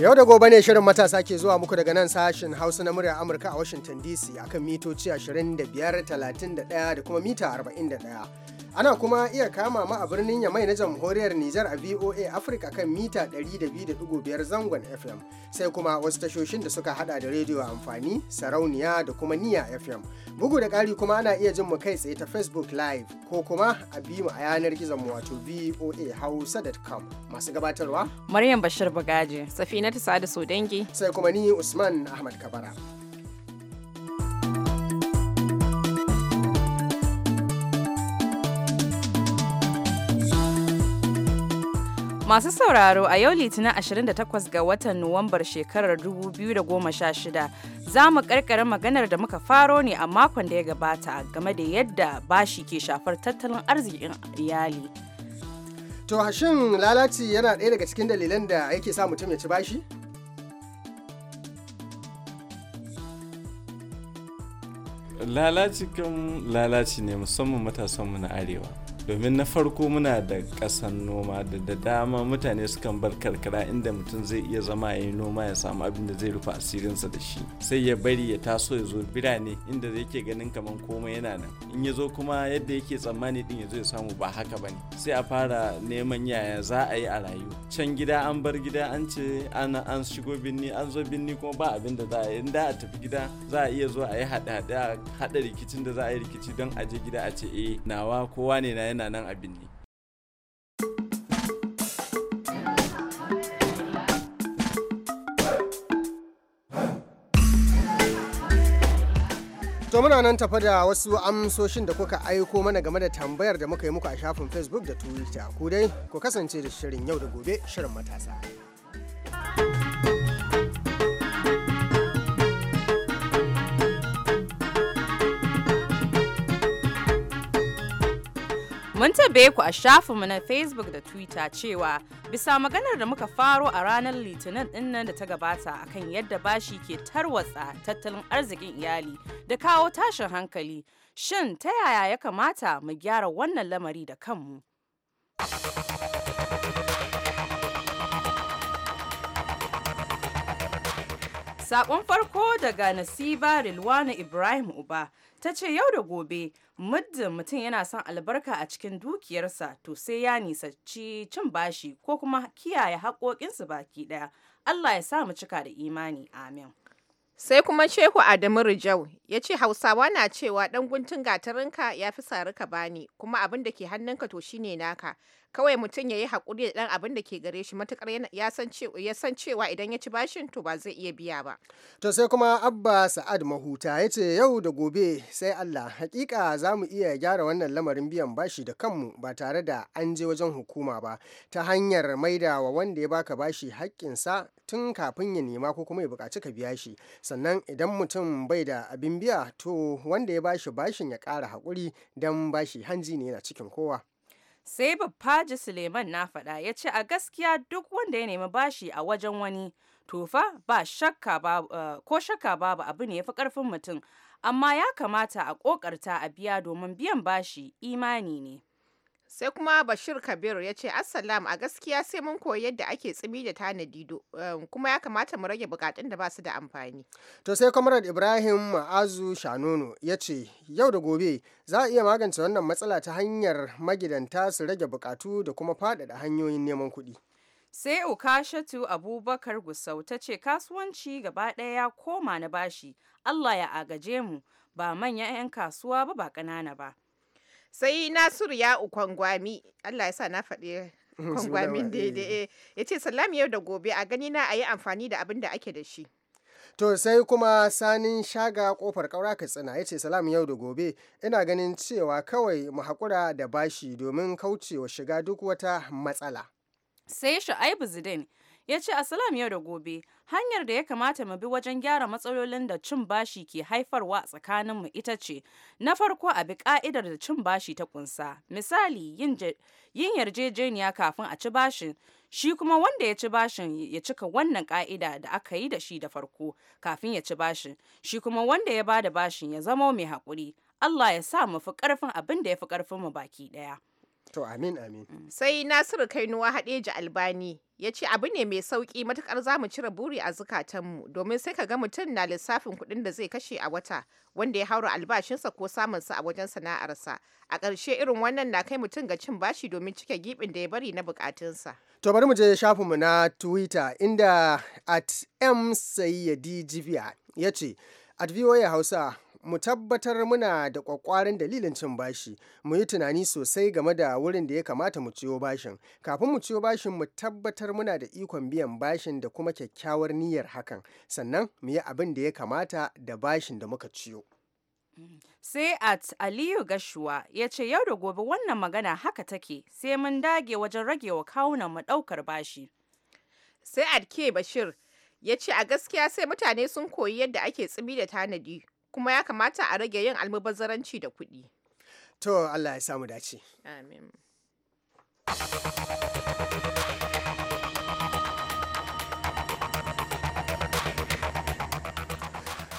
Yau da gobe ne shirin matasa ke zuwa muku daga nan sashen Hausa na muryar Amurka a Washington DC akan mitoci 25, 31 da kuma mita 41. Ana kuma iya kama ma a birnin Yamai na jamhuriyar Nijar a VOA Africa kan mita 102.5 zangon FM sai kuma wasu tashoshin da suka hada da rediyo amfani, sarauniya da kuma niya FM. Bugu da kari kuma ana iya jin mu kai tsaye ta Facebook Live ko kuma a bi a yanar gizon mu wato voahausa.com masu gabatarwa. Maryam Bashir Bagaji, Safina Sa'adu Sodangi. Sai kuma ni Usman Ahmad Kabara. Masu sauraro a yau Litinin 28 ga watan Nuwambar shekarar 2016 za mu karkare maganar da muka faro ne a makon da ya gabata game da yadda bashi ke shafar tattalin arzikin iyali. To hashin lalaci yana ɗaya daga cikin dalilan da yake sa mutum ya ci bashi? Lalaci kan lalaci ne musamman matasanmu na arewa. domin na farko muna da kasan noma da dama mutane sukan bar karkara inda mutum zai iya zama ya yi noma ya samu abin da zai rufe asirinsa da shi sai ya bari ya taso ya zo birane inda yake ganin kamar komai yana nan in ya zo kuma yadda yake tsammani din ya zo ya samu ba haka ba ne sai a fara neman yaya za a yi a rayu can gida an bar gida an ce an shigo binni an zo binni kuma ba abin da za a yi da a tafi gida za a iya zo a yi haɗa rikicin da za a yi rikici don a je gida a ce eh nawa kowa ne na yana nan abin ne To muna nan tafa da wasu amsoshin da kuka aiko mana game da tambayar da muka yi muku a shafin Facebook da Twitter. Ku dai ku kasance da shirin yau da gobe shirin matasa. Mun tabe ku a shafinmu na Facebook da Twitter cewa bisa maganar da muka faro a ranar Litinin dinnan da ta gabata akan yadda bashi ke tarwatsa tattalin arzikin iyali da kawo tashin hankali. Shin ta yaya ya kamata mu gyara wannan lamari da kanmu? Sakon farko daga Nasiba Rilwana Ibrahim Uba ta ce yau da gobe muddin mutum yana son albarka a cikin dukiyarsa to sai ya nisanci cin bashi ko kuma kiyaye haƙoƙinsu baki ɗaya. Allah ya sa mu cika da imani amin. Sai kuma Shehu Adamu Rijau ya ce Hausawa na cewa ɗan guntun gatarinka ya fi sarika bani kuma abin da ke hannunka to shine naka. kawai mutum ya yi haƙuri da ɗan abin da ke gare shi matuƙar ya san cewa idan ya ci bashin to ba zai iya biya ba. To sai kuma Abba Sa'ad Mahuta ya ce yau da gobe sai Allah hakika za mu iya gyara wannan lamarin biyan bashi da kanmu ba tare da an je wajen hukuma ba ta hanyar maida wa wanda ya baka bashi haƙƙinsa tun kafin ya nema ko kuma ya buƙaci ka biya shi sannan idan mutum bai da abin biya to wanda ya bashi bashin ya ƙara haƙuri don bashi hanji ne yana cikin kowa. sai babbaji suleiman na faɗa ya ce a gaskiya duk wanda ya nemi bashi a wajen wani tofa ba shakka uh, ko shakka babu abu ne ya fi ƙarfin mutum amma ya kamata a ƙoƙarta a biya domin biyan bashi imani ne Sai kuma Bashir Kabir ya ce, Assalam a gaskiya sai mun koyi yadda ake tsimi da tanadi um, kuma ya kamata mu rage bukatun da ba su da amfani. To sai Comrade Ibrahim Ma'azu Shanono ya ce, Yau da gobe za a iya magance wannan matsala ta hanyar magidanta su rage bukatu da kuma faɗaɗa hanyoyin neman kuɗi. sai ukashatu abubakar gusau ta ce kasuwanci gaba ɗaya ya koma na bashi allah ya agaje mu ba manyan 'yan kasuwa ba ba ƙanana ba sai nasiru ya kwangwami allah ya sa na faɗi kwangwamin daidai eh. Eh, ya ce salam yau da gobe a gani na a yi amfani da abin da ake da shi To sai kuma sanin shaga kofar kaura Katsina ya ce salam yau da gobe ina ganin cewa kawai mu haƙura da bashi domin kaucewa shiga duk wata matsala. Sai Shu'aibu Zidane ya ce asalam yau da gobe hanyar da ya kamata mu bi wajen gyara matsalolin da cin bashi ke haifarwa tsakanin mu ita ce na farko a bi ka'idar da cin bashi ta kunsa misali yin yarjejeniya kafin a ci bashin shi kuma wanda ya ci bashin ya cika wannan ka'ida da aka yi da shi da farko kafin ya ci bashin shi kuma wanda ya bada bashin ya zama mai haƙuri Allah ya sa mu fi ƙarfin abin da ya fi ƙarfin mu baki ɗaya. To amin amin. Mm. Sai Nasiru Kainuwa haɗeji Albani ya ce abu ne mai sauki matukar za mu cire buri a zukatanmu domin sai ka ga mutum na lissafin kuɗin da zai kashe a wata wanda ya haura albashinsa ko samunsa a wajen sana'arsa a ƙarshe irin wannan na kai mutum ga cin bashi domin cike gibin da ya bari na bukatunsa. To bari mu je mu na Twitter inda at msayyadi ya ce at voa hausa mu tabbatar muna da kwakwarin dalilin cin bashi mu yi tunani sosai game da wurin da ya kamata mu ciyo bashin kafin mu ciyo bashin mu tabbatar muna da ikon biyan bashin da kuma kyakkyawar niyyar hakan sannan mu yi abin da ya kamata da bashin da muka ciyo sai at aliyu gashuwa ya ce yau da gobe wannan magana haka take sai mun dage wajen ragewa wa kawunan mu ɗaukar bashi sai at ke bashir ya ce a gaskiya sai mutane sun koyi yadda ake tsimi da tanadi kuma ya kamata a rage yin almubazzaranci da kuɗi. To Allah ya samu dace. Amin.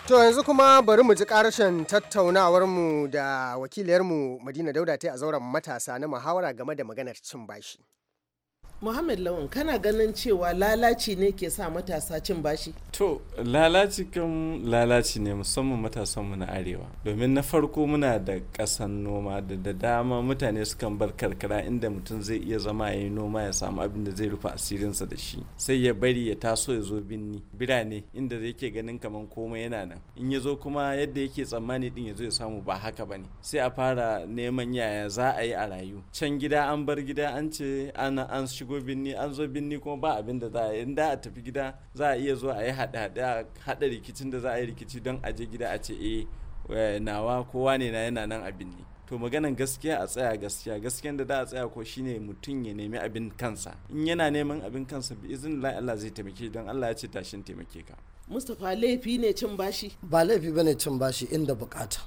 To yanzu kuma bari mu ji ƙarshen tattaunawarmu da wakiliyarmu Madina Dauda ta a zauren matasa na muhawara game da maganar cin bashi. Muhammad Lawan kana ganin cewa lalaci ne ke sa matasa cin bashi? To lalaci kan lalaci ne musamman matasanmu na arewa domin na farko muna da ƙasan noma da da dama mutane sukan bar karkara inda mutum zai iya zama ya yi noma ya samu abin da zai rufe asirinsa da shi sai ya bari ya taso ya zo binni birane inda yake ganin kamar komai yana nan in ya zo kuma yadda yake tsammani din ya zo ya samu ba haka bane sai a fara neman yaya za a yi a rayu can gida an bar gida an ce ana an shigo shigo binni an zo binni kuma ba abin da za a yi da a tafi gida za a iya zo a yi haɗa rikicin da za a yi rikici don a je gida a ce e nawa kowa ne na yana nan a binni to maganan gaskiya a tsaya gaskiya gaskiyan da da a tsaya ko shine mutum ya nemi abin kansa in yana neman abin kansa bi izin Allah zai taimake don Allah ya ce tashin taimake ka Mustapha laifi ne cin bashi ba laifi bane cin bashi inda bukata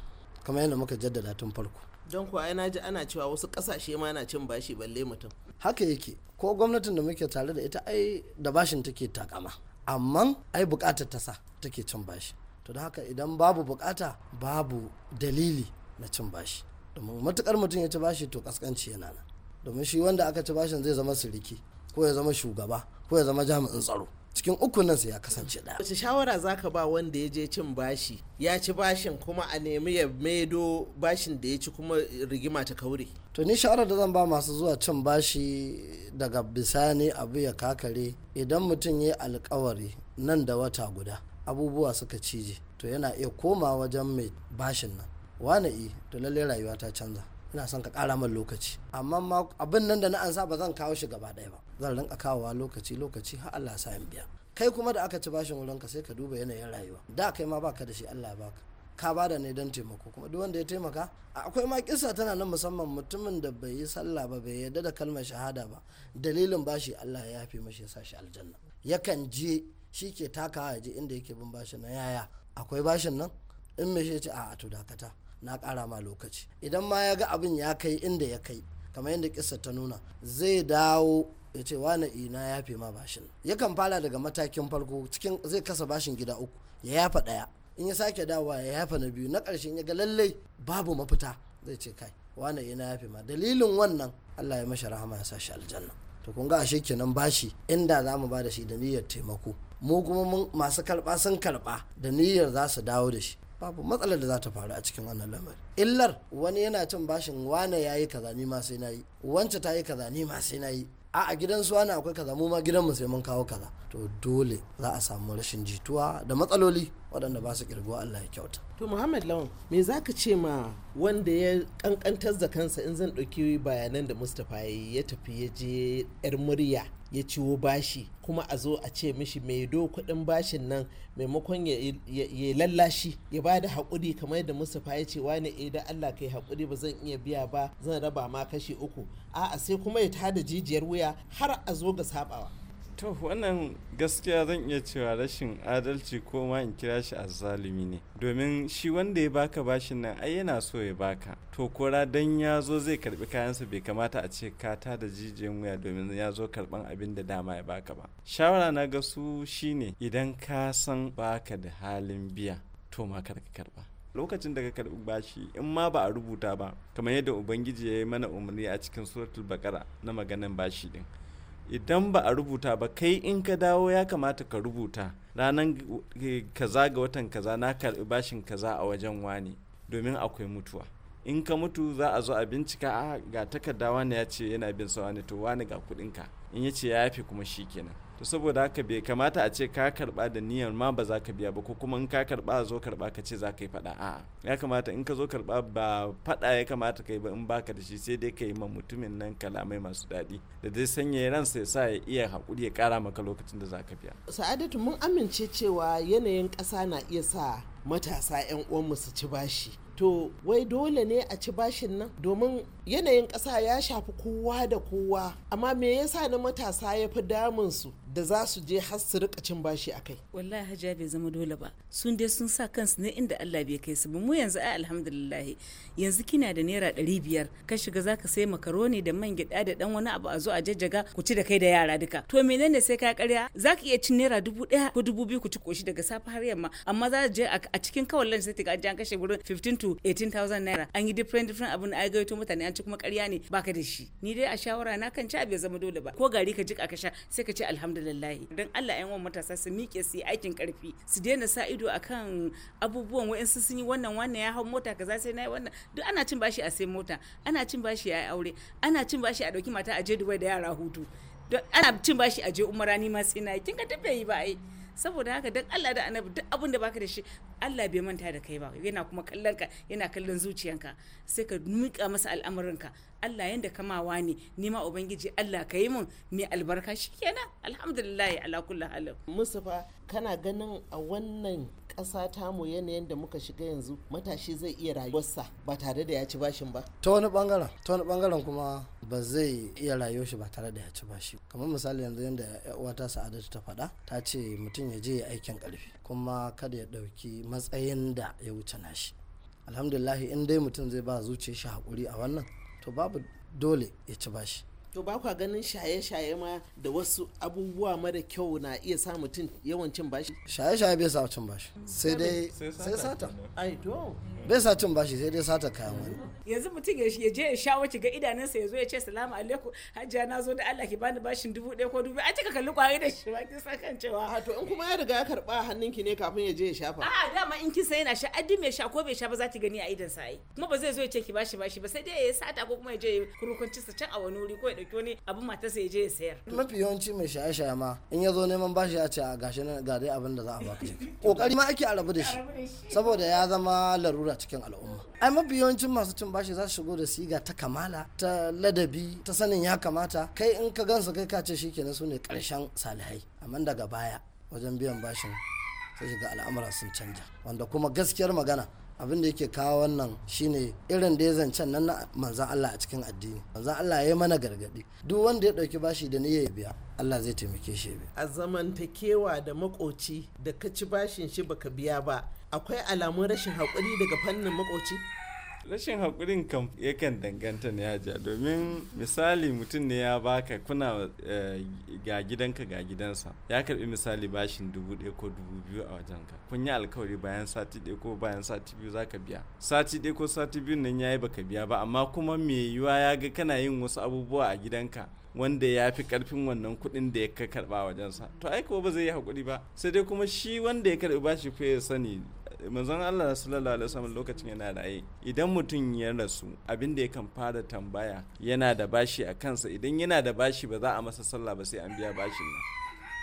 kamar yadda muka jaddada tun farko don kuwa yana ji ana cewa wasu kasashe ma na cin bashi balle mutum haka yake ko gwamnatin da muke tare da ita ai da bashin take takama amma ai bukatar ta sa take cin bashi to da haka idan babu bukata babu dalili na cin bashi domin matukar mutum ya ci bashi to kaskanci yana nan domin shi wanda aka ci bashin zai zama siriki ko ya zama shugaba ko ya zama jami'in tsaro cikin uku nan sai ya kasance ɗaya. wace shawara zaka ba wanda ya je cin bashi ya ci bashin kuma a nemi ya maido bashin da ya ci kuma rigima ta kaure to ni shawarar da zan ba masu zuwa cin bashi daga bisani abu ya kakare idan mutum ya alkawari nan da wata guda abubuwa suka cije to yana iya koma wajen mai bashin nan wane i to lallai rayuwa ta canza ina son ka kara min lokaci amma abin nan da na ansa ba zan kawo shi gaba ɗaya ba zan rinka kawowa lokaci lokaci har Allah sa in biya kai kuma da aka ci bashin wurin ka sai ka duba yanayin rayuwa da kai ma baka da shi Allah ya baka ka ba da ne don taimako kuma duk wanda ya taimaka akwai ma kisa tana nan musamman mutumin da bai yi sallah ba bai yarda da kalmar shahada ba dalilin bashi Allah ya yafe mashi ya sa shi aljanna yakan je shi ke takawa ya je inda yake bin bashin na yaya akwai bashin nan in me shi ce a to dakata na ƙara ma lokaci idan ma ya ga abin ya kai inda ya kai kamar yadda kisa ta nuna zai dawo ya ce wani ina eh, ya fi ma bashin yakan fara daga matakin farko cikin zai kasa bashin gida uku ya yafa ɗaya in ya sake dawowa ya yafa na biyu na ƙarshen ya ga lallai babu mafita zai ce kai wani ina eh, ya fi ma dalilin wannan allah ya mashi rahama ya sa shi aljanna to kun ga ashe kenan bashi inda za mu ba da shi da niyyar taimako mu kuma masu karɓa sun karɓa da niyyar za su dawo da shi babu matsalar da za ta faru a cikin wannan lamari illar wani yana cin bashin wane ya yi kaza ni ma sai na yi wance ta yi kaza ni ma sai na yi a a gidan su wani akwai kaza mu ma gidanmu sai mun kawo kaza to dole za a samu rashin jituwa da matsaloli waɗanda ba su kirgo Allah ya kyauta. To Muhammad Lawan me za ka ce ma wanda ya kankantar da kansa in zan ɗauki bayanan da Mustapha ya tafi ya je 'yar murya ya ciwo bashi kuma a zo a ce mishi mai do kuɗin bashin nan maimakon ya lallashi ya ba da haƙuri kamar da mustapha ya ce wani idan eh, allah kai haƙuri ba zan iya biya ba zan raba ma kashi uku a'a sai kuma ya tada jijiyar wuya har a zo ga saɓawa. to wannan gaskiya zan iya cewa rashin adalci ko ma in kira shi a azzalumi ne domin shi wanda ya baka bashin nan ai yana so ya baka to kora dan ya zo zai karbi kayansa bai kamata a ce ka ta da jijiyan wuya domin ya zo karban abin da dama ya baka ba shawara na ga su shine idan ka san baka da halin biya to ma kar ka karba lokacin da ka karbi bashi in ma ba a rubuta ba kamar yadda ubangiji ya yi mana umarni a cikin suratul bakara na maganin bashi din idan ba a rubuta ba kai in ka dawo ya kamata ka rubuta ranar kaza ga watan kaza na karbi bashin kaza a wajen wani domin akwai mutuwa in ka mutu za a zo a bincika a ah, ga takarda wani ya ce yana bin sa wani to wani ga kudinka in ya ce ya yafe kuma shi kenan to saboda haka bai kamata a ce ka karba da niyyar ma ba za ka biya ba ko kuma in ka karba zo karba ka ce za ka yi fada a ya kamata in ka zo karba ba fada ya kamata ka yi ba in baka da shi sai dai ka yi ma mutumin nan kalamai masu daɗi da dai sanya ransa ya sa ya iya hakuri ya kara maka lokacin da za ka biya sa'adatu mun amince cewa yanayin ƙasa na iya sa matasa 'yan mu su ci bashi to wai dole ne a ci bashin nan domin yanayin ƙasa ya shafi kowa da kowa amma me yasa na matasa ya fi damunsu da za su je har su rika cin bashi a kai wallahi hajiya bai zama dole ba sun dai sun sa kansu ne inda Allah bai kai su ba mu yanzu ai alhamdulillah yanzu kina da naira ɗari biyar ka shiga za ka sai makaroni da man gyaɗa da dan wani abu a zo a jajjaga ku ci da kai da yara duka to menene sai ka karya ka iya cin naira dubu ɗaya ko dubu biyu ku ci koshi daga safe har yamma amma za je a cikin kawallan sai ga an kashe gurin 15 to 18000 naira an yi different different abun ai gaito mutane an ci kuma karya ne baka da shi ni dai a shawara na kan ci bai zama dole ba ko gari ka jika ka sha sai ka ce alhamdulillah lillahi don Allah yan matasa su miƙe su yi aikin karfi su daina sa ido akan abubuwan wa'ansu sun yi wannan wannan ya hau mota kaza sai nayi wannan duk ana cin bashi a sai mota ana cin bashi a aure ana cin bashi a dauki mata a je Dubai da yara hutu ana cin bashi a je umara ni ma sai nayi kin ga tafiya yi ba ai saboda haka dan Allah da Annabi duk abin da baka da shi Allah bai manta da kai ba yana kuma kallon ka yana kallon zuciyanka sai ka miƙa masa al'amurinka Allah yanda kamawa ne nima ubangiji Allah ka yi mun mai albarka shikenan alhamdulillah ala kulli halin Mustafa kana ganin a wannan ƙasa mu yanayin da muka shiga yanzu matashi zai iya rayuwarsa ba tare da ya ci bashin ba ta wani bangaren ta wani bangaren kuma ba zai iya rayuwar shi ba tare da ya ci bashi kamar misali yanzu yadda uwata sa'adatu ta faɗa ta ce mutum ya je aikin ƙarfi kuma kada ya ɗauki matsayin da ya wuce nashi alhamdulillahi in dai mutum zai ba zuciya shi haƙuri a wannan to babu dole ya ci bashi to ba kwa ganin shaye-shaye ma da wasu abubuwa mara kyau na iya sa mutum yawan cin bashi shaye-shaye bai sa cin bashi sai dai sai sata ai to bai sa cin bashi sai dai sata kayan wani yanzu mutum ya je ya shawo ki ga idanunsa ya zo ya ce salamu alaikum hajjia na zo da Allah ki bani bashin dubu ɗaya ko dubu a cika kalli kwaye da shi ba kin san kan cewa to in kuma ya riga ya karba ki ne kafin ya je ya shafa a'a dama in kin sai yana sha addi mai sha ko bai sha ba za ki gani a idan sa kuma ba zai zo ya ce ki bashi bashi ba sai dai ya sata ko kuma ya je kurkunci sa can a wani wuri ko ya ɗauki wani abu mata sai je sayar. mafi yawanci mai shaye-shaye ma in ya zo neman bashi ya ce a gashi nan ga dai abin da za a baka kokari ma ake a da shi saboda ya zama larura cikin al'umma ai mafi yawancin masu cin bashi za su shigo da siga ta kamala ta ladabi ta sanin ya kamata kai in ka gansu kai ka ce shikenan su ne karshen salihai amma daga baya wajen biyan bashin sai shiga al'amura sun canja wanda kuma gaskiyar magana abin da yake kawo wannan shine irin da ya zancen nan na manzan Allah a cikin addini manzan Allah ya mana gargadi duk wanda ya ɗauki bashi da niyya ya biya Allah zai taimake shi biya a zamantakewa da makoci da ka ci bashin shi baka biya ba akwai alamun rashin haƙuri daga fannin makoci rashin haƙurin kan yakan danganta ne ya domin misali mutum ne ya baka kuna eh, ga gidanka ga gidansa ya karbi misali bashin dubu ɗaya ko dubu biyu a wajenka kun yi alkawari bayan sati ɗaya ko bayan sati biyu zaka biya sati ɗaya ko sati biyu nan yayi baka biya ba amma kuma me yiwa ya ga kana yin wasu abubuwa a gidanka wanda ya fi karfin wannan kuɗin da ya ka karɓa wajensa to ai ba zai yi haƙuri ba sai dai kuma shi wanda ya karɓi bashi ko ya sani manzon Allah sallallahu alaihi wasallam lokacin yana raye idan mutum ya rasu abin da yakan fara tambaya yana da bashi a kansa idan yana da bashi ba za a masa sallah ba sai an biya bashin nan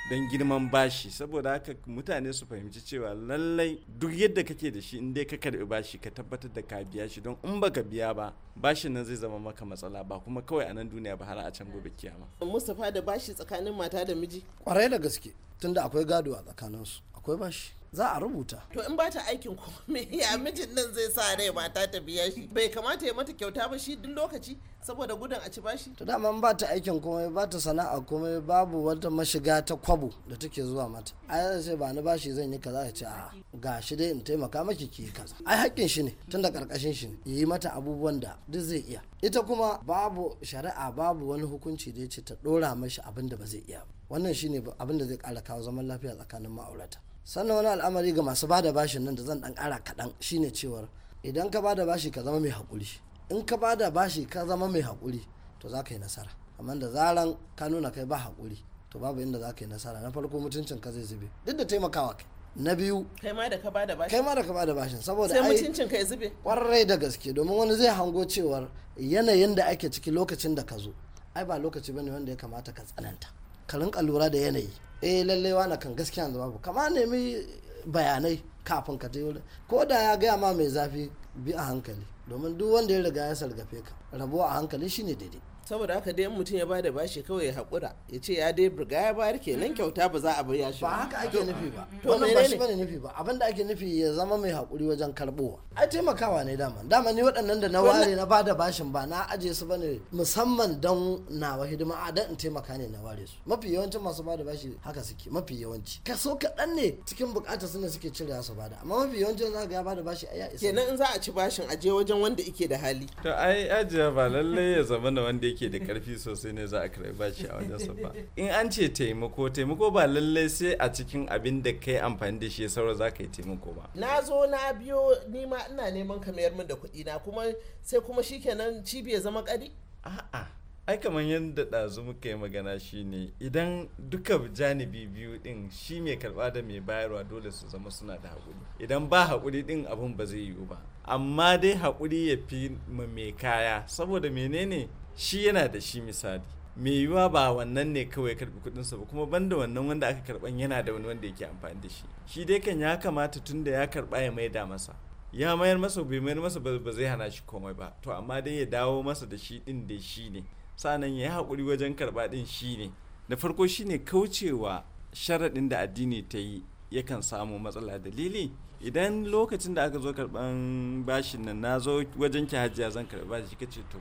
don girman bashi saboda haka mutane su fahimci cewa lallai duk yadda kake da shi in dai ka karbi bashi ka tabbatar da ka biya shi don in baka biya ba bashin nan zai zama maka matsala ba kuma kawai a nan duniya ba har a can gobe kiyama Mustapha da bashi tsakanin mata da miji kwarai da gaske tunda akwai gado a tsakaninsu akwai bashi za a rubuta. To in bata aikin me ya mijin nan zai sa rai mata ta biya shi bai kamata ya mata kyauta ba shi duk lokaci saboda gudun a ci bashi. To dama ba ta aikin komai ba ta sana'a komai babu wata mashiga ta kwabo da take zuwa mata. Ai zai ce ba ni bashi zan yi kaza ya ce a ga shi dai in taimaka maki ki kaza. Ai haƙƙin shi ne tunda karkashin shi ne yi mata abubuwan da duk zai iya. Ita kuma babu shari'a babu wani hukunci da ya ce ta ɗora mashi abin da ba zai iya ba. Wannan shine abin da zai ƙara kawo zaman lafiya tsakanin ma'aurata. sannan wani al'amari ga masu bada bashin nan da zan dan kara kaɗan shine cewar idan ka bada bashi ka zama mai haƙuri in ka bada bashi ka zama mai haƙuri to za ka yi nasara amma da zaran ka nuna kai ba haƙuri to babu inda za ka yi nasara na farko mutuncin ka zai zube duk da taimakawa kai na biyu kai ma da ka bada bashin kai ma da ka bada bashin saboda sai mutuncin kai zube kwarai da gaske domin wani zai hango cewar yanayin da ake ciki lokacin da ka zo ai ba lokaci bane wanda ya kamata ka tsananta ka rinka lura da yanayi eh lallai wani kan gaskiya da babu kama nemi bayanai kafin ka je wurin ko da ya gaya ma mai zafi bi a hankali domin duk wanda ya riga ya sargafe ka rabuwa a hankali shine daidai saboda haka dai mutum ya bada bashi kawai ya haƙura ya ce ya dai burga ya bayar kenan kyauta ba za a biya shi ba haka ake nufi ba wannan ba shi bane nufi ba abin ake nufi ya zama mai haƙuri wajen karɓowa ai taimakawa ne dama dama ni waɗannan da na ware na bada bashin ba na aje su bane musamman don nawa hidima a dan in taimaka ne na ware su mafi yawancin masu bada bashi haka suke mafi yawanci kaso kaɗan ne cikin bukata su ne suke cire su bada amma mafi yawancin za ga ya bada bashi a ya isa kenan in za a ci bashin aje wajen wanda ike da hali to ai ajiya ba lallai ya zama da wanda yake da karfi sosai ne za a karbi bashi a wajen sa in an ce taimako taimako ba lallai sai a cikin abin da kai amfani da shi saura za ka yi taimako ba na zo na biyo ni ma ina neman ka mayar min da kuɗi na kuma sai kuma shikenan ci zama kari a'a ai kamar yadda ɗazu muka yi magana shi ne idan duka janibi biyu ɗin shi mai karɓa da mai bayarwa dole su zama suna da haƙuri idan ba haƙuri ɗin abin ba zai yiwu ba amma dai haƙuri ya fi mai kaya saboda menene shi yana da shi misali mai yiwuwa ba wannan ne kawai karbi sa ba kuma banda wannan wanda aka karban yana da wani wanda yake amfani da shi shi dai kan ya kamata tunda ya karba ya maida masa ya mayar masa bai mayar masa ba zai hana shi komai ba to amma dai ya dawo masa da shi din da shi ne sanan ya yi haƙuri wajen karba din shi ne da farko shi ne kaucewa sharaɗin da addini ta yi yakan samu matsala dalili idan lokacin da aka zo karban bashin nan na zo wajen ki hajiya zan karba shi kace to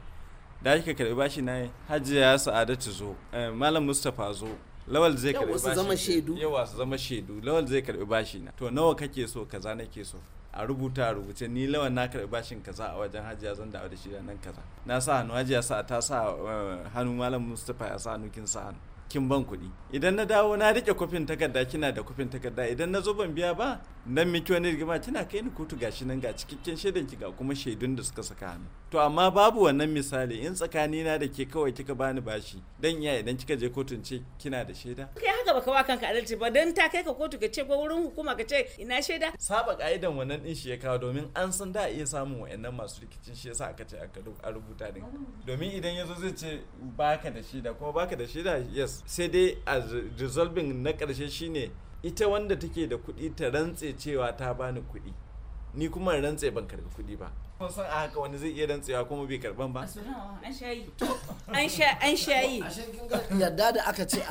da kika karɓi bashi na ya sa'adatu zo eh, malam mustapha zo lawal zai karɓi bashi zama shaidu yawa su zama shaidu lawal zai karɓi bashi na to nawa kake so kaza nake so a rubuta a rubuce ni lawan na karɓi bashin kaza a wajen hajiya zan dawo da shi da nan kaza na sa hannu ya sa ta sa eh, hannu malam mustapha ya sa hannu kin sa hannu kin ban kuɗi idan na dawo na riƙe kofin takarda kina da kofin takarda idan na zo ban biya ba nan miki wani rigima tana kai ni kotu gashi nan ga cikakken shaidan ki ga kuma shaidun da suka saka hannu to amma babu wannan misali in tsakani na da ke kawai kika bani bashi dan iya idan kika je kotun ce kina da shaida kai haka baka wa kanka adalci ba dan ta kai ka kotu ka ce ko wurin hukuma ka ce ina shaida saba ka'idan wannan din shi ya kawo domin an san da iya samun wayannan masu rikicin shi yasa aka ce aka rubuta din domin idan yazo zai ce baka da shaida ko baka da shaida yes sai dai a resolving na karshe shine ita wanda take da kuɗi ta rantse cewa ta bani kuɗi ni kuma rantse ban karbi kuɗi ba kun san a haka wani zai iya rantsewa kuma bai karɓan ba an shayi yadda da aka ce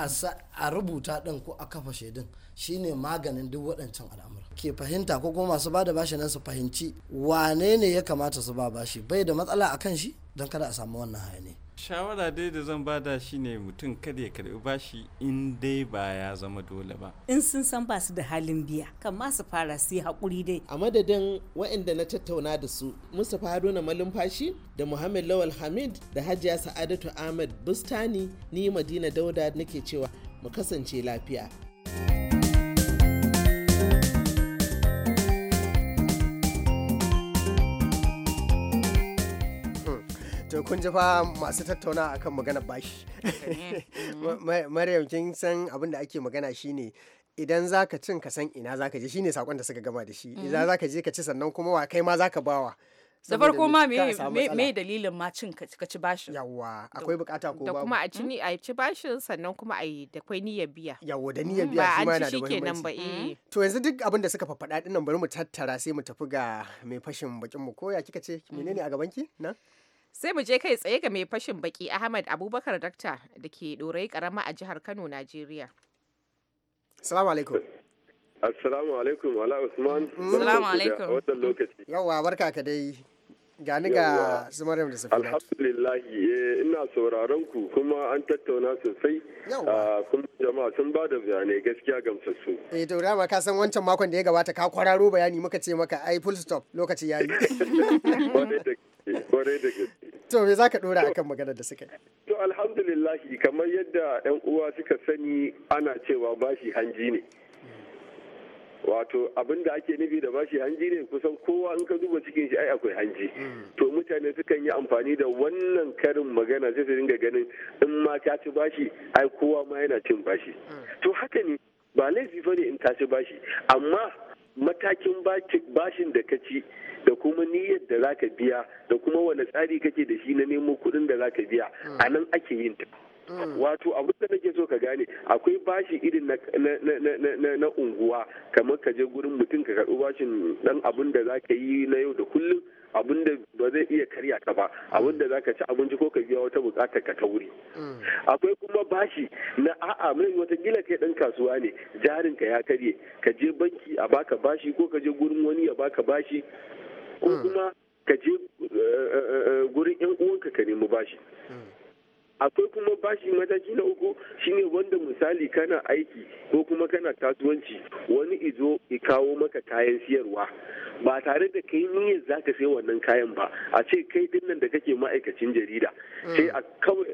a rubuta din ko a kafa shaidun shine maganin duk waɗancan al'amura ke fahimta ko kuma masu da bashi nan su fahimci wane ne ya kamata su ba bashi bai da matsala a kan shi don kada a samu wannan hayaniya shawara dai da zan bada ne mutum kada ya karbi bashi in dai ba ya zama dole ba in sun san ba su da halin biya kan ma su fara su yi hakuri dai a madadin waɗanda na tattauna da su mustapha haruna malumfashi da muhammad lawal hamid da hajiya sa'adatu ahmad bustani ni madina dauda nake cewa mu kasance lafiya to kun ji fa masu tattauna akan magana bashi maryam kin san abin da ake magana shine idan za ka cin ka san ina za ka je shine sakon da suka gama da shi mm-hmm. idan za ka je ka ci sannan kuma wa kai ma za ka bawa da farko ma me dalilin ma cin ka ci bashin yawa akwai bukata ko babu da kuma a ci hmm? a ci bashin sannan kuma a yi da kwai niyyar biya yawwa da niyyar mm, biya shi ma yana da muhimmanci ba eh to yanzu duk abin da suka faffada dinnan bari mu tattara sai mu tafi ga mai fashin bakin mu ko ya kika ce mm. menene a gaban ki nan Sai mu je kai tsaye ga mai fashin baki Ahmad Abubakar Dakta da ke dorai karama a jihar Kano, Najeriya. Assalamu alaikum. Assalamu alaikum ala Usman. Mm. Assalamu alaikum. Wannan lokaci. Yawwa barka ka dai. Gani ga su da Safinatu. Alhamdulillah eh, ina sauraron ku kuma an tattauna sosai. Yawwa. Ah, kuma jama'a sun ba da bayanai gaskiya gamsassu. Eh to dama ka san wancan makon da ya gabata ka kwararo bayani muka ce maka ai full stop lokaci yayi. Kwarai da gaske. To me za ka ɗora akan maganar da suka yi? To alhamdulillahi kamar yadda 'yan uwa suka sani ana cewa bashi hanji ne. wato abin da ake nufi da bashi hanji ne kusan kowa in ka duba cikin shi ai akwai hanji mm. to mutane sukan yi amfani da wannan karin magana sai su dinga ganin in ma ka ci bashi ai kowa ma yana cin bashi mm. to haka ne ba laifi ne in ta ci bashi amma matakin bashin da ka ci da kuma niyyar da za ka biya da kuma wani tsari kake da shi na nemo kudin da za ka biya a nan ake yin ta wato abin da nake so ka gane akwai bashi irin na unguwa kamar ka je gurin mutum ka karɓi bashin dan abin da za ka yi na yau da kullum abin da ba zai iya karya ta ba hmm. abin da zaka ci abinci ko ka biya wata bukatar ka ta wuri hmm. akwai kuma bashi na a'a mai watakila kai dan kasuwa ne jarin ka ya karye ka je banki a baka bashi ko ka je gurin wani ya baka bashi ko hmm. kuma ka je eh, eh, eh, gurin yan uwanka ka nemi bashi akwai kuma bashi mataki na uku shine wanda misali kana aiki ko kuma kana kasuwanci wani izo ya kawo maka kayan siyarwa ba tare da kai niyyar za ka sai wannan kayan ba a ce kai dinnan da kake ma'aikacin jarida mm. sai a kawai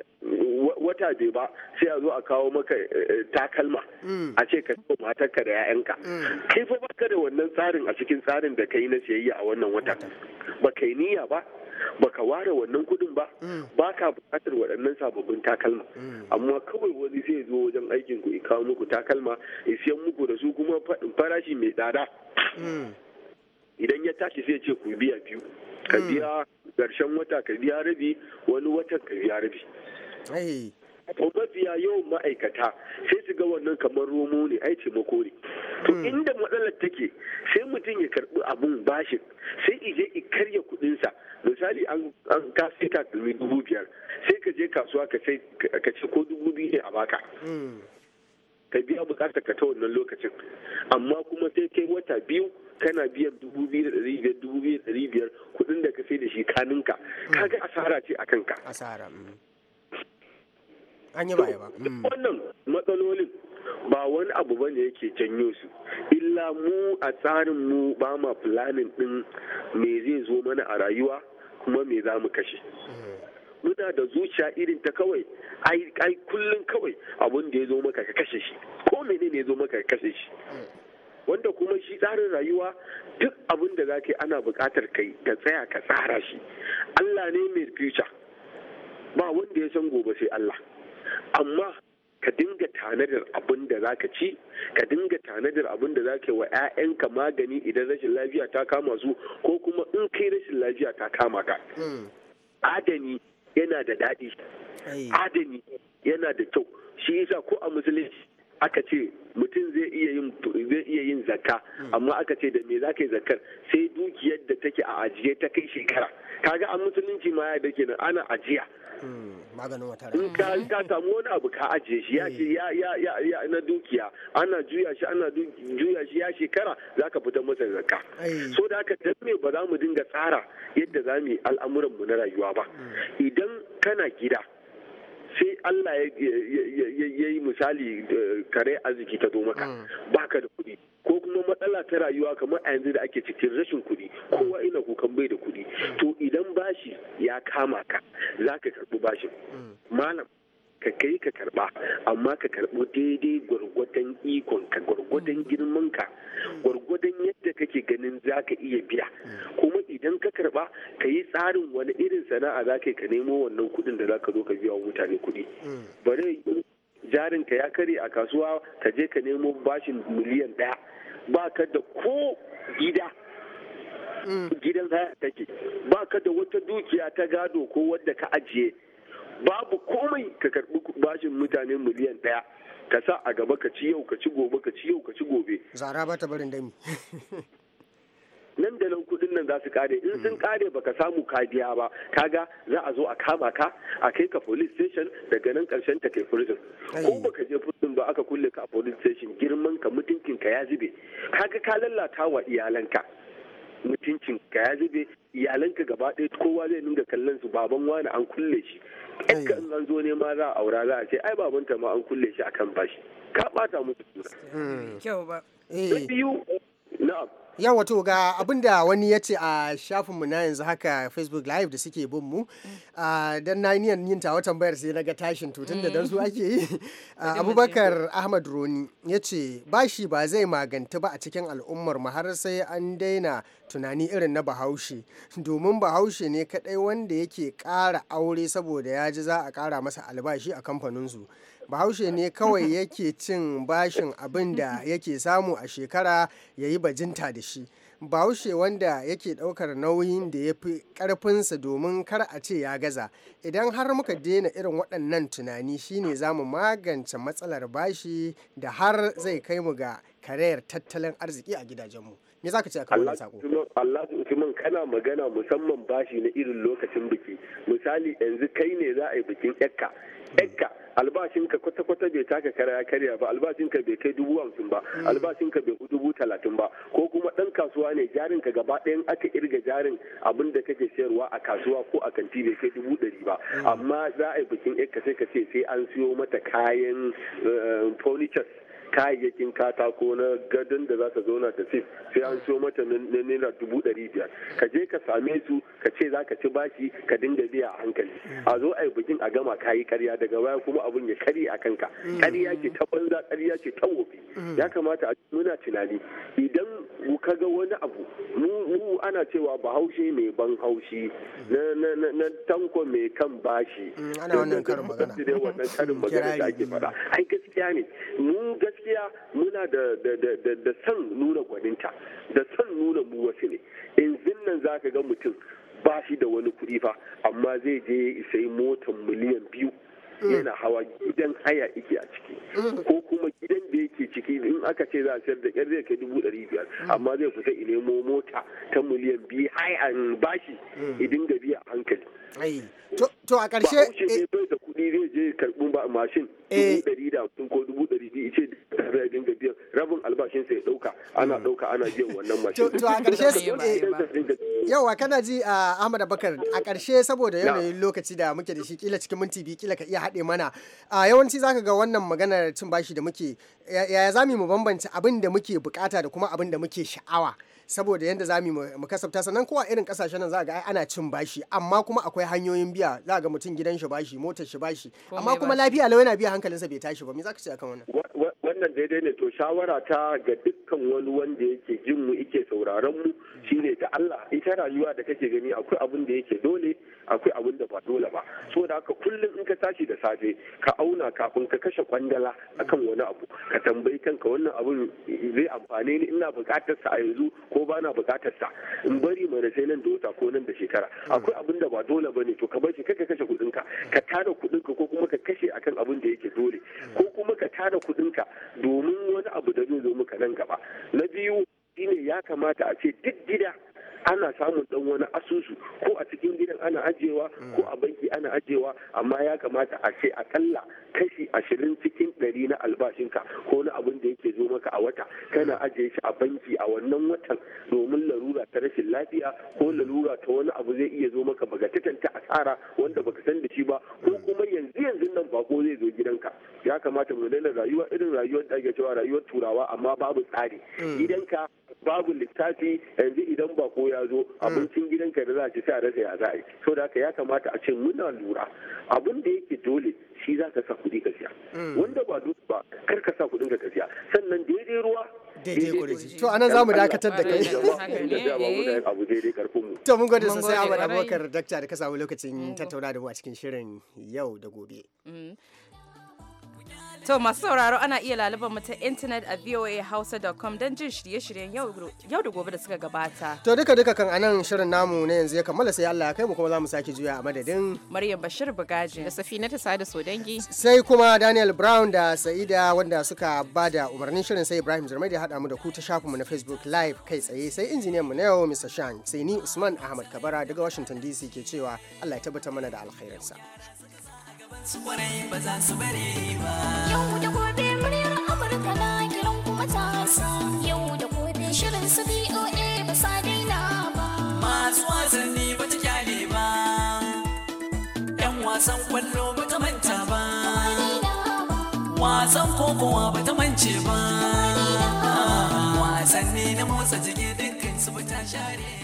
wata bai ba sai a zo a kawo maka eh, takalma mm. a ce ka so matarka da 'ya'yanka mm. kai fa baka da wannan tsarin a cikin tsarin da kai na siyayya a wannan wata ba kai niyya ba baka ware wannan kudin ba mm. ba ka buƙatar waɗannan sababbin takalma mm. amma kawai wani sai zo wajen aikin ku kawo muku takalma ya siyan muku da su kuma farashi mai tsada mm. idan ya tashi sai ce ku biya biyu ka biya ƙarshen wata ka biya rabi wani watan ka biya rabi to yawan ma'aikata sai su ga wannan kamar romo ne ai taimako ne to hmm. inda matsalar take sai mutum ya karbi abun bashin sai ije i karya kudinsa misali an ka ta takalmi dubu biyar sai ka je kasuwa ka ce ko dubu biyu ne a baka hmm. ka biya bukatar ka ta wannan lokacin amma kuma sai kai wata biyu kana biyan dubu biyu da biyar dubu biyu da biyar kuɗin da ka sai da shi kaninka kaga hmm. asara ce a kanka an yi baya ba mm. wannan matsalolin ba wani abu bane yake janyo su illa mu a tsarin mu ba ma planning din me zai zo mana a rayuwa kuma me za mu kashe mm. muna da zuciya irin ta kawai ai kullum kawai abun da ya zo maka ka kashe shi ko menene ya zo maka ka kashe shi mm. wanda kuma shi tsarin rayuwa duk abin da za ka yi ana buƙatar kai ka tsaya ka tsara shi Allah ne mai future ba wanda ya san gobe sai Allah amma ka dinga tanadar abin da za ka ci ka dinga tanadar abin da za ka yi wa 'ya'yanka magani idan rashin lafiya ta kama su ko kuma in kai rashin lafiya ta kama ka hmm. adani yana da daɗi adani yana da kyau shi yasa ko a musulunci aka ce mutum zai iya yin zai zakka hmm. amma aka ce da me za ka yi zakkar sai dukiyar da take a ajiye ta kai shekara kaga an musulunci ma ya dake nan ana ajiya hmm, in ka samu wani abu ka ajiye shi ya hmm. ya na dukiya ana juya shi ana juya shi ya shekara zaka fita masa zakka so da haka dan me ba za mu dinga tsara yadda za mu yi al'amuran mu na rayuwa ba idan kana gida sai Allah ya yi misali eh, kare arziki ta zo maka mm. baka da kuɗi ko kuma matsala ta rayuwa kamar a yanzu da ake cikin rashin kuɗi kowa ina kukan bai da kuɗi mm. to idan bashi ya kama ka za ka karɓi bashin mm. malam ka kai ka karba amma ka karbo daidai gwargwadon ikon ka gwargwadon girman ka gwargwadon yadda kake ganin za ka iya biya kuma idan ka karba ka yi tsarin wani irin sana'a za ka ka nemo wannan kuɗin da za ka zo ka biya wa mutane kuɗi bari jarin ka ya kare a kasuwa ka je ka nemo bashin miliyan ɗaya ba ka da ko gida gidan haya take ba ka da wata dukiya ta gado ko wadda ka ajiye babu komai ka karbi bashin mutane miliyan daya ka sa a gaba ka ci yau ka ci gobe ka ci yau ka ci gobe zara ba ta barin dami nan da nan kudin nan za su kare in sun kare baka samu kadiya ba kaga za a zo a kama ka a kai ka police station daga nan karshen ta kai prison ko baka je prison ba aka kulle ka a police station girman ka mutuncin ka ya zube kaga ka lallata wa iyalanka mutuncin ka ya zube iyalanka gaba ɗaya kowa zai dinga kallon su baban wani an kulle shi ɗanka in an zo nema za a aura za a ce ai babanta ma an kulle shi akan bashi ka ɓata musu hmm. Kyau ba. Eh. biyu na'am. yau wato ga abin wani ya ce a shafinmu na yanzu haka facebook live da suke bin mu mm. don na niyan yin tawa tambayar sai na ga tashin tutun da don su mm. ake yi abubakar ahmad roni ya ce bashi ba zai maganta ba a cikin al'ummar mu har sai an daina tunani irin na bahaushe domin bahaushe ne kadai wanda yake kara aure saboda ya ji za a kara masa albashi a kamfaninsu bahaushe ne kawai yake cin bashin abin da yake samu a shekara ya yi bajinta da shi bahaushe wanda yake daukar nauyin da ya fi karfinsa domin kar a ce ya gaza idan har muka daina irin waɗannan tunani shine za mu magance matsalar bashi da har zai kai mu ga karayar tattalin arziki a gidajenmu me za ka ce akan wannan sako Allah Usman kana magana musamman bashi na irin lokacin biki misali yanzu kai ne za a yi bikin yakka ekka albashinka kwata-kwata bai taka kara ya karya ba albashinka bai kai dubu hamsin ba mm. albashinka bai kai dubu talatin ba ko kuma ɗan kasuwa ne jarin ka gaba ɗayan aka irga jarin abin da kake sayarwa a kasuwa ko a kanti bai kai dubu ɗari ba mm. amma za a yi bikin ekka sai ka ce sai an siyo mata kayan eh, furniture kayayyakin katako na gadon da za ta zauna ta ce sai an so mata na nera dubu ɗari biyar ka je ka same su ka ce za ka ci bashi ka dinga biya a hankali a zo a yi bikin a gama kayi karya daga baya kuma abun ya karye a kanka mm. karya ce ta banza karya ce ta wofi mm. ya kamata a muna tunani idan ka ga wani abu mu ana cewa bahaushe mai ban haushi na tanko mai kan bashi mm, ana wannan karin magana ai gaskiya ne mu gaskiya gaskiya muna da da san nuna gwaninta da san nuna mu wasu ne in nan zaka ga mutum ba shi da wani kuɗi fa amma zai je sai motan miliyan biyu Mm. yana hawa gidan haya yake a ciki mm. ko kuma gidan da yake ciki in aka ce za a sayar da ƙyar zai kai dubu ɗari biyar mm. amma zai fita i nemo mota ta miliyan biyu hayan bashi idin ga biya hankali to a ƙarshe ba eh, bai da kuɗi zai je karɓi ba mashin dubu eh. ɗari da hamsin ko dubu ɗari biyu ce ya dinga biyan rabin albashinsa ya ɗauka ana ɗauka ana biyan wannan mashin to a ƙarshe Yawa kana ji a Ahmad Abakar a ƙarshe saboda yanayin lokaci da muke da shi kila cikin minti biyu kila ka iya haɗe mana. A yawanci zaka ga wannan maganar cin bashi da muke yaya za mu bambance abin da muke bukata da kuma abin da muke sha'awa. saboda yadda za mu kasafta sannan kowa irin kasashen nan za ga ana cin bashi amma kuma akwai hanyoyin biya za ga mutum gidan shi bashi motar shi bashi amma kuma lafiya lau yana biya hankalinsa bai tashi ba me zaka ka ce akan wannan wannan daidai ne to shawara ta ga dukkan wani wanda yake jin mu yake sauraron mu shine ta Allah ita rayuwa da kake gani akwai abin da yake dole akwai abin da ba dole ba so da haka kullum in ka tashi da safe ka auna kafin ka kashe kwandala akan wani abu ka tambayi kanka wannan abun zai amfane ni ina buƙatar sa a yanzu ko ba na buƙatar sa in bari mana sai nan da wata ko nan da shekara akwai abin da ba dole bane to ka bar shi kake kashe kuɗinka ka tara kuɗinka ko kuma ka kashe akan abin da yake dole ko kuma tara ka domin wani abu da zai zo maka nan gaba na biyu shine ya kamata a ce duk gida ana samun dan wani asusu ko a cikin gidan ana ajiyewa ko a banki ana ajiyewa amma ya kamata a ce akalla kashi ashirin cikin ɗari na albashinka ko na abin da yake zo maka a wata kana ajiye shi a banki a wannan watan domin larura ta rashin lafiya ko larura ta wani abu zai iya zo maka a asara wanda ya kamata mu daina rayuwa irin rayuwar da ake cewa rayuwar turawa amma babu tsari mm. idan ka babu littafi yanzu idan bako ya zo mm. abincin gidanka da za a ci sai a rasa ya za a yi so da haka ya kamata a ce muna lura abin da yake dole shi za ka sa kuɗi ka siya mm. wanda ba dole ba kar ka sa kuɗin ka siya sannan daidai ruwa daidai kureji to anan zamu dakatar da kai to mun gode sosai Ahmad Abubakar dakta da ka samu lokacin tattauna da mu a cikin shirin yau da gobe To masu sauraro ana iya lalubar mu ta intanet a voahausa.com don jin shirye-shiryen yau da gobe da suka gabata. To duka duka kan anan shirin namu na yanzu ya kammala sai Allah ya kai mu kuma za sake juya a madadin. Maryam Bashir Bugaji. Da Safina ta sada Sodangi. Sai kuma Daniel Brown da Sa'ida wanda suka ba da umarnin shirin sai Ibrahim Jirmai da haɗa mu da ku ta shafin mu na Facebook Live kai tsaye sai injiniyan mu na yau Mr. Shan sai ni Usman Ahmad Kabara daga Washington DC ke cewa Allah ya tabbatar mana da alkhairinsa. su kwarai ba bare ba. Yau da gobe muryar Amurka na kiran kuma tasa. Yau da gobe shirin su BOA ba sa ba. Masu wasanni ba ta kyale ba. Yan wasan kwallo ba ta manta ba. Wasan kokowa ba ta mance ba. Wasanni na matsa jiki dukkan su ba ta share.